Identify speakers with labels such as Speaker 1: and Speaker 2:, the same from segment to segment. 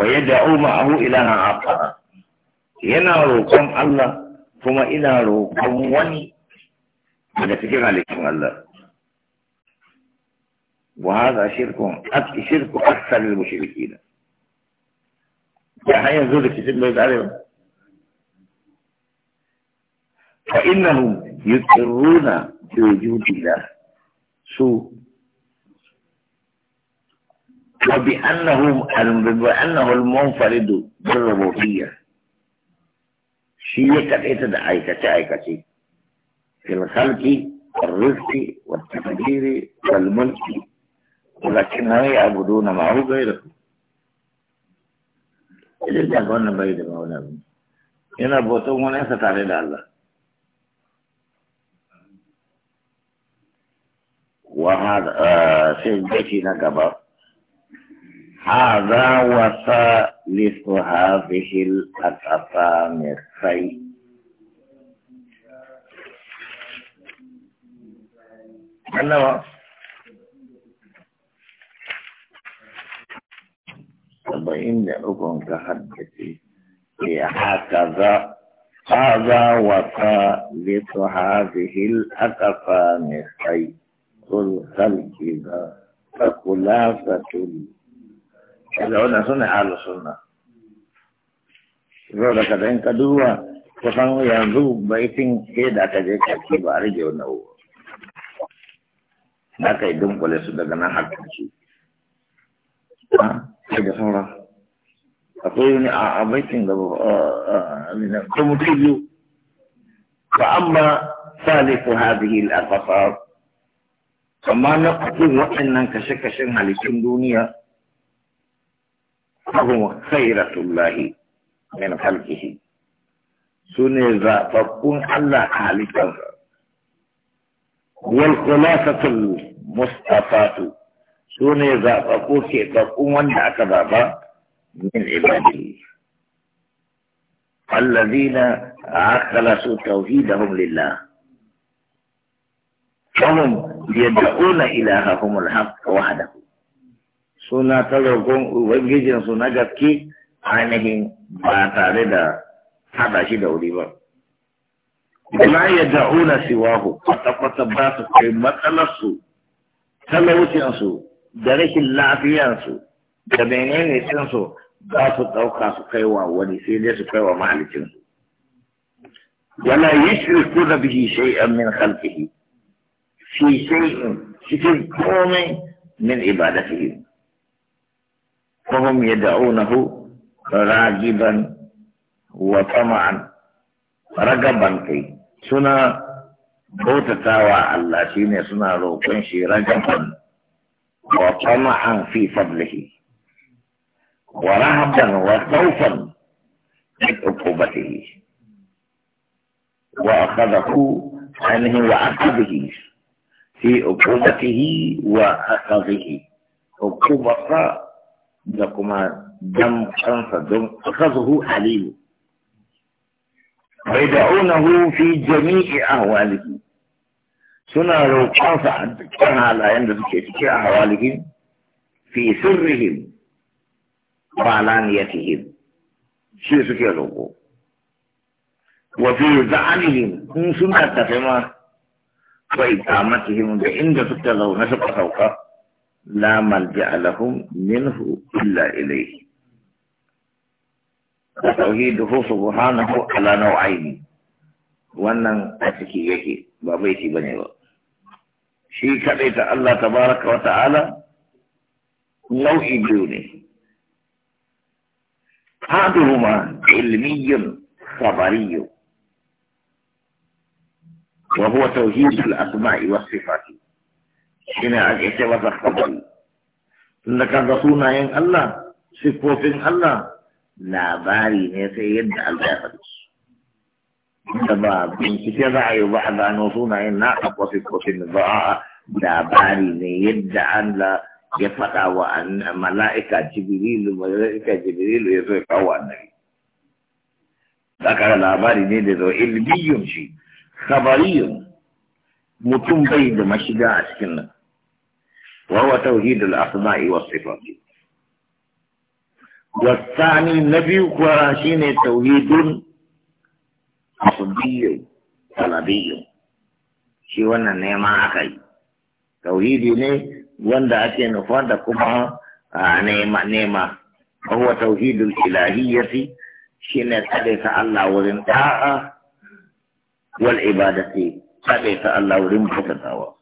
Speaker 1: ويدعو معه إله آخر ينالكم الله ثم ينالكم وني هذا فكر عليكم الله وهذا شرك شرك أكثر للمشركين فهي زوجة كتير ما يتعلم فإنهم يكررون بوجود الله سوء وبأنه بأنه المنفرد بالربوبية شيء كأيت دعايك تعيك شيء في الخلق والرزق والتقدير والملك ولكنهم يعبدون معه غيره إذا تكون بعيد نبي هنا بوتو هنا ستعرض الله وهذا آه، سيدتي نقبه هذا وثالث هذه الأقسام الخير أنا أكون لأكون هي هكذا هذا وثالث هذه الأقسام الخير قل هل كذا فخلاصة da wannan suna halu sunna zai da kadan ka duba kusan yanzu baitin sai da ka je kaki ba a rage wani uwa na kai dunkule su daga nan har kaci sai da sauran akwai wani a baitin da ko mutum biyu fa amma salisu hadhihi al-afsar amma na kuɗin waɗannan kashe-kashen halittun duniya فهم خيرة الله من خلقه سنة ذاتكم الله خالقا والخلاصة المصطفى سنة ذاتكم سيتكم وانا أكبابا من عباده الذين أخلصوا توحيدهم لله فهم يدعون إلههم الحق وحده suna ta roƙon ubangijinsu na gaske ainihin ba tare da haɗa shi da wuri ba. Wala ya da'una siwahu kwata-kwata ba su kai matsalarsu, talaucinsu, da rashin lafiyansu, da menene cinsu ba su ɗauka su kai wa wani sai dai su kai wa mahalicinsu. Wala yi shirku da bihi shay'an min khalqihi fi shay'in cikin komai min ibadatihi. وهم يدعونه راجبا وطمعا رغبا كي سنا بوتتاوى الله شيني سنا روكن شي رغبا وطمعا في فضله ورهبا وخوفا من عقوبته وأخذه عنه وأخذه في عقوبته وأخذه عقوبة da kuma damkansa don kazuhu aliyu bai da'unahu fi jami'i ahwalihi suna roƙonsa a dukkan halayen da suke ciki a hawalihin fi sirrihim ba laniyatihim shi suke roƙo wa fi za'anihim in suna tafe ma bai kamatihim da inda suka zaune suka sauka لا ملجأ لهم منه إلا إليه توحيده سبحانه على نوعين wannan a ciki yake ba baiti ba ba shi kaɗai ta Allah tabaraka wa ta'ala nau'i biyu ne haduhuma ilmiyyun khabariyyun wa huwa tauhidul asma'i was sifati shi ake ce masa kabal tunda kaga sunayen Allah siffofin Allah labari ne sai yadda Allah ya faɗi da ba bincike za a yi ba a gano sunayen na akwai siffofin ba a labari ne yadda Allah ya faɗa wa mala'ika jibrilu mala'ika jibrilu ya zo ya kawo annabi da labari ne da zo ilmiyun shi khabariyun mutum bai da mashiga a cikin nan وهو توحيد Asma'i والصفات والثاني النبي وراشين توحيد عصبي طلبي shi wannan neman aka yi tauhidi ne wanda ake nufa da kuma nema wa huwa tauhidul ilahiyyati ne tsare ka Allah wurin da'a wal ibadati kaɗai ta Allah wurin bautatawa.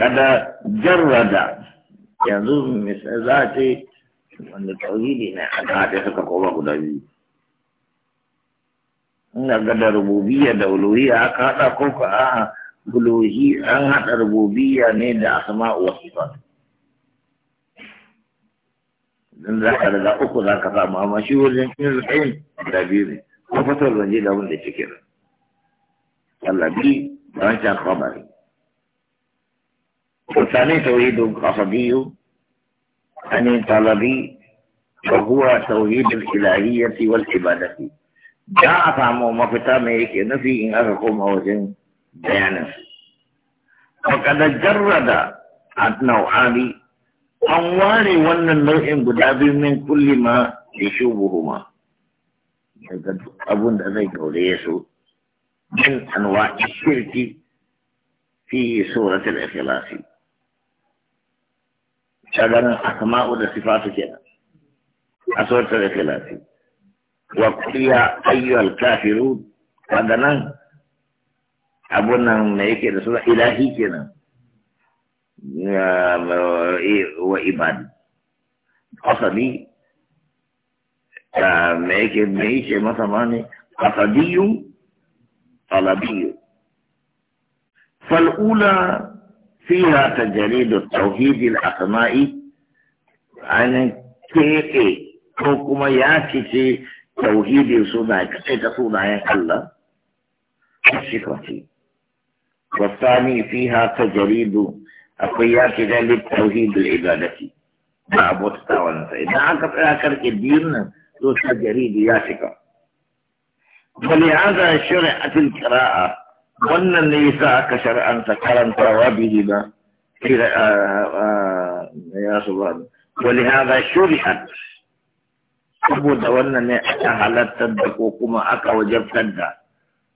Speaker 1: Kada jarrada yanzu za a ce wanda tauhidi ne ta haɗe suka koma guda biyu. Ina ga da rububiyya da uluhiyya aka haɗa ko ka a uluhi an haɗa rububiyya ne da asma'u wa sifat. Dan za ka da uku za ka samu amma shi wajen yin da biyu ne. Ko fasar zanje da wanda cikin. الذي رجع الخبر والثاني توحيد قصدي عن طلبي وهو توحيد الإلهية والعبادة جاء فهمه مفتا ميك نفي إن أخكم أوزن بيانا وقد جرد النوعان an ware wannan nau'in guda biyu min kulli ma ya shubuhuma daga abun da zai gaure ya so من أنواع الشرك في سورة الإخلاص من أسماء الصفات كده سورة الإخلاص وقل يا أيها الكافرون هذا من نعم. أبونا نعم ما كده سورة إلهي كده وإبادي قصدي ما يكي ما يكي مثلا قصدي طلبي فالأولى فيها تجريد التوحيد الأسماء عن كيكي حكم ياكي توحيد سنة كيكي سنة الله الشكرة والثاني فيها تجريد القياس للتوحيد العبادة مع بوتتا ونسا إذا أنت أكرك الدين تو تجريد ياشكرة فلهذا شرعت القراءة ظن النساء كشرعا فكرا ترابهما إلى آه، آه، يا سبحان ولهذا شرعت أبو دون أهل تدقوكما أكا وجب تدى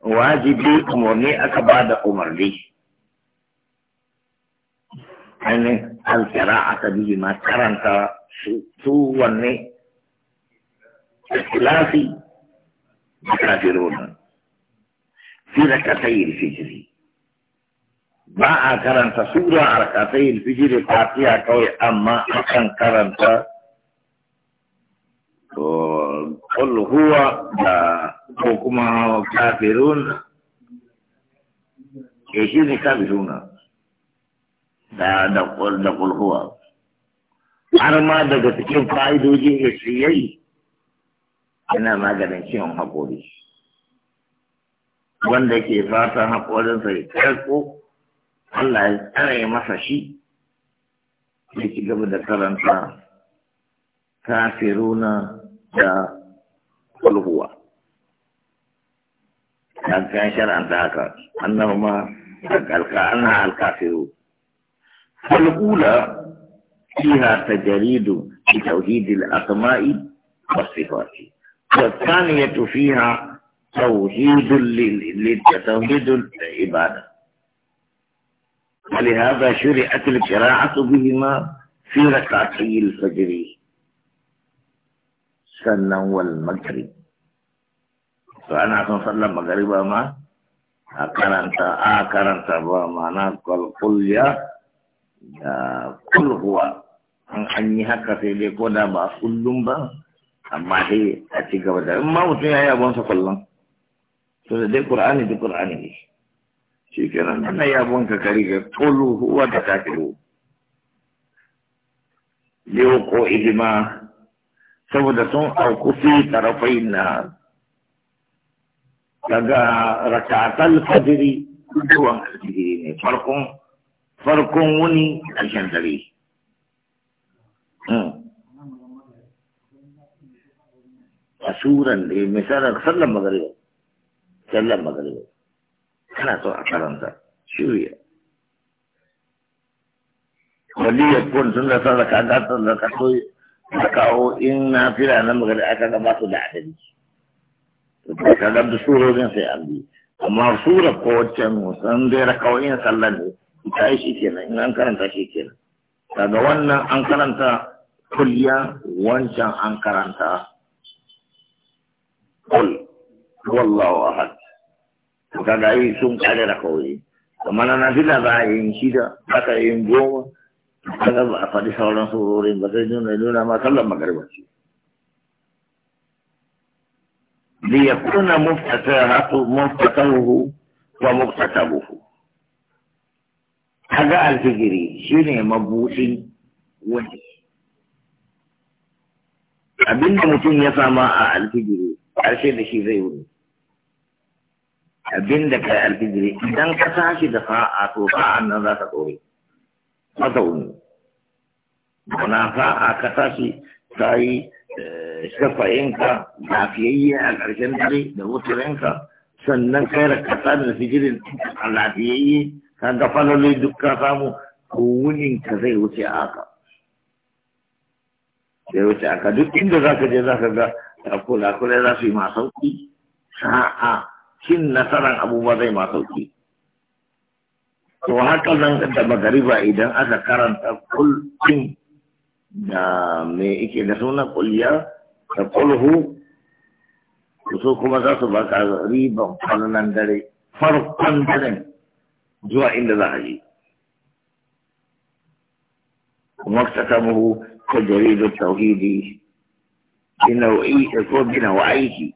Speaker 1: واجبيكم وني أكا بعد أمر لي أن يعني القراءة بهما كرا ترابهما سوى kafiruna fi rakatayil fijri ba a karanta sura a rakatayil fijri fatiha kawai amma akan karanta to qul huwa da ko kuma kafirun eh shi ne kafiruna da da qul huwa har ma daga cikin fa'idojin yayi yana maganin ciwon haƙori wanda ke fatan haƙorinsa ya karko Allah ya tsare masa shi ya ci gaba da karanta kafiruna da kulhuwa kan kan shar'anta haka annahuma alka anna alkafiru فالأولى فيها تجريد بتوحيد الأسماء والصفات والثانية فيها توحيد لتوحيد العبادة ولهذا شرعت القراءة بهما في ركعتي الفجر سنة والمغرب فأنا أصلى المغرب ما أكرنت أكرنت بمعنى قل قل يا قل هو أن أنيها كثيرة كذا بقول لهم amma dai a ci gaba da in ma mutum ya yi abonsa kwallon to da dai qur'ani da qur'ani ne shi kenan nan ya abon ka kari ga tolu huwa da kafiru yau ko idima saboda sun auku fi tarafai na daga rakatal fajiri zuwan alfajiri ne farkon farkon wuni a shan dare hmm. a suran da ya da sallan magariba sallan magariba kana so a karanta shirya wani ya kun sun da san zaka da san zaka so da kawo in na fira na magana aka ga ba su da adali to ka ga da surorin sai an bi amma sura ko wancan san dai rakawoyin sallan ne ita shi ke kenan in an karanta shi ke kenan daga wannan an karanta kulliya wancan an karanta kul wallahu ahad kaga da yi sun kare da kawai amma na nabi da ba yin shi da aka yin goma kaga ba fadi sauran sororin ba sai nuna nuna ma sallar magariba ce li yakuna muftatahu muftatahu wa muftatabuhu kaga alfigiri shine mabudin wani abinda mutum ya sama a alfigiri ƙarshe da shi zai wuri abin da kai alfijiri idan ka tashi da sa'a to sa'an nan za ka tsore masa wuni mana sa'a ka tashi ta yi eh, shafayinka lafiyayye a ƙarshen dare da wuturinka sannan kai da kasa da fijirin a lafiyayye ka ga falolin duk ka samu ko ka zai wuce haka sai wuce aka duk inda za ka je za ka ga kula-kula za su yi masu sauki sa'a cin nasarar abubuwa zai masu sauki to haka nan da magariba idan aka karanta kulkin da me ike da suna kulya da kulhu so kuma za su baka riban kwanan dare farkon dare zuwa inda za a yi. Kuma ta kamuhu ta jaridu tauhidi bi nau'i ko wa aiki,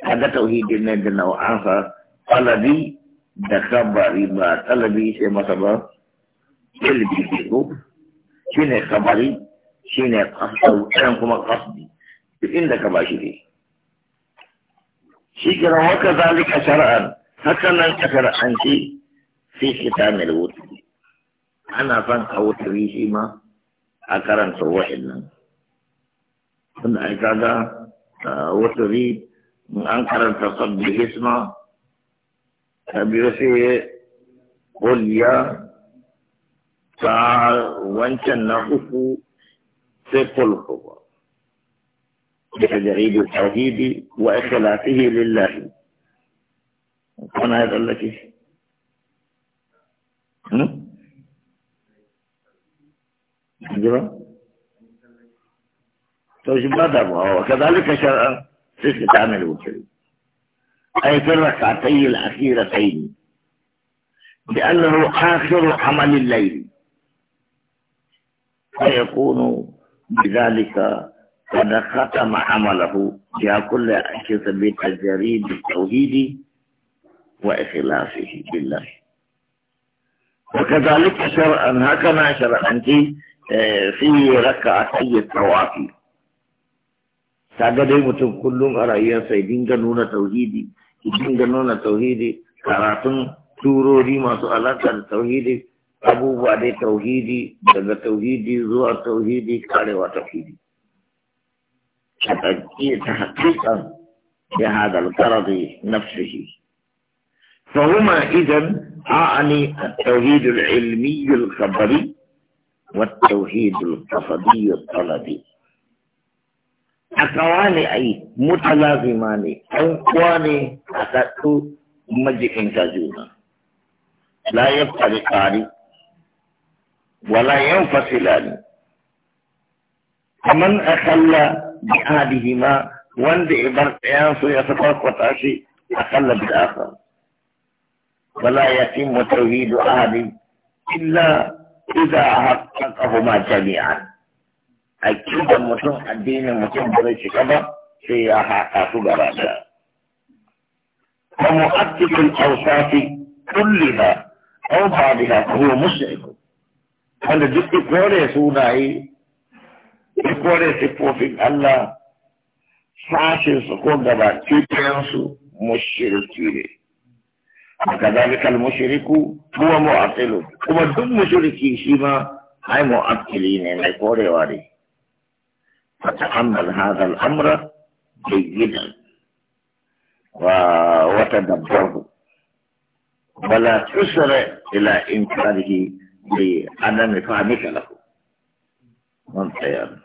Speaker 1: kaga Tauhidi ne da nau'ansa Alabi da khabari ba talabi sai masa ba ilmi bi ko shine khabari shine qasdu dan kuma qasdi inda ka ba shi ne. shi ke rawa ka zalika shar'an haka nan ka shar'an ki fi kitabil wuti ana son a wuti shi ma a karanta wa'annan tunda ai kaga wasuri an karanta sabbi hisma ta biyo sai kulya ta wancan na uku sai kulkuwa بتجريد التوحيد وإخلاصه لله كان هذا الذي الهجرة توجب أدبها وكذلك شرعا تسكت تعمل وكذا أي في الركعتين الأخيرتين لأنه آخر عمل الليل فيكون بذلك قد ختم عمله بها كل أشياء بتجريد التوحيد وإخلاصه بالله وكذلك شرعا هكذا شرعا في ركعتي التواتي سجد متم كلهم على ايام سيدين جنون توحيدي سيدين جنون توحيدي كراتن سورودي ما سؤالات عن توحيدي ابو بعد توحيدي بعد توحيدي زوار توحيدي كاري وتوحيدي كتجي تحقيقا بهذا الغرض نفسه فهما اذا اعني التوحيد العلمي الخبري والتوحيد القصدي الطلبي أكوان أي متلازمان أنقوان أتت مجئن كجونا لا يفترقان ولا ينفصلان فمن أخل بأحدهما وان عبرت أنسو يتفرق وتعشي أخل بالآخر ولا يتم توحيد أحد إلا iza jami'a a aqidan mutum addinin mutum ba zai cika ba sai ya haɗa su gaba da wa mu'addikul ba kulliha aw ba'daha huwa mushrik wanda duk kore sunaye kore sifofin Allah sashin su ko gaba cikin su mushriki ne وكذلك المشرك هو معطل كما دم مشركي شيما هاي معطلين نكوري واري فتحمل هذا الأمر جيدا و... وتدبره ولا تسرع إلى إنكاره لعدم فهمك له من خير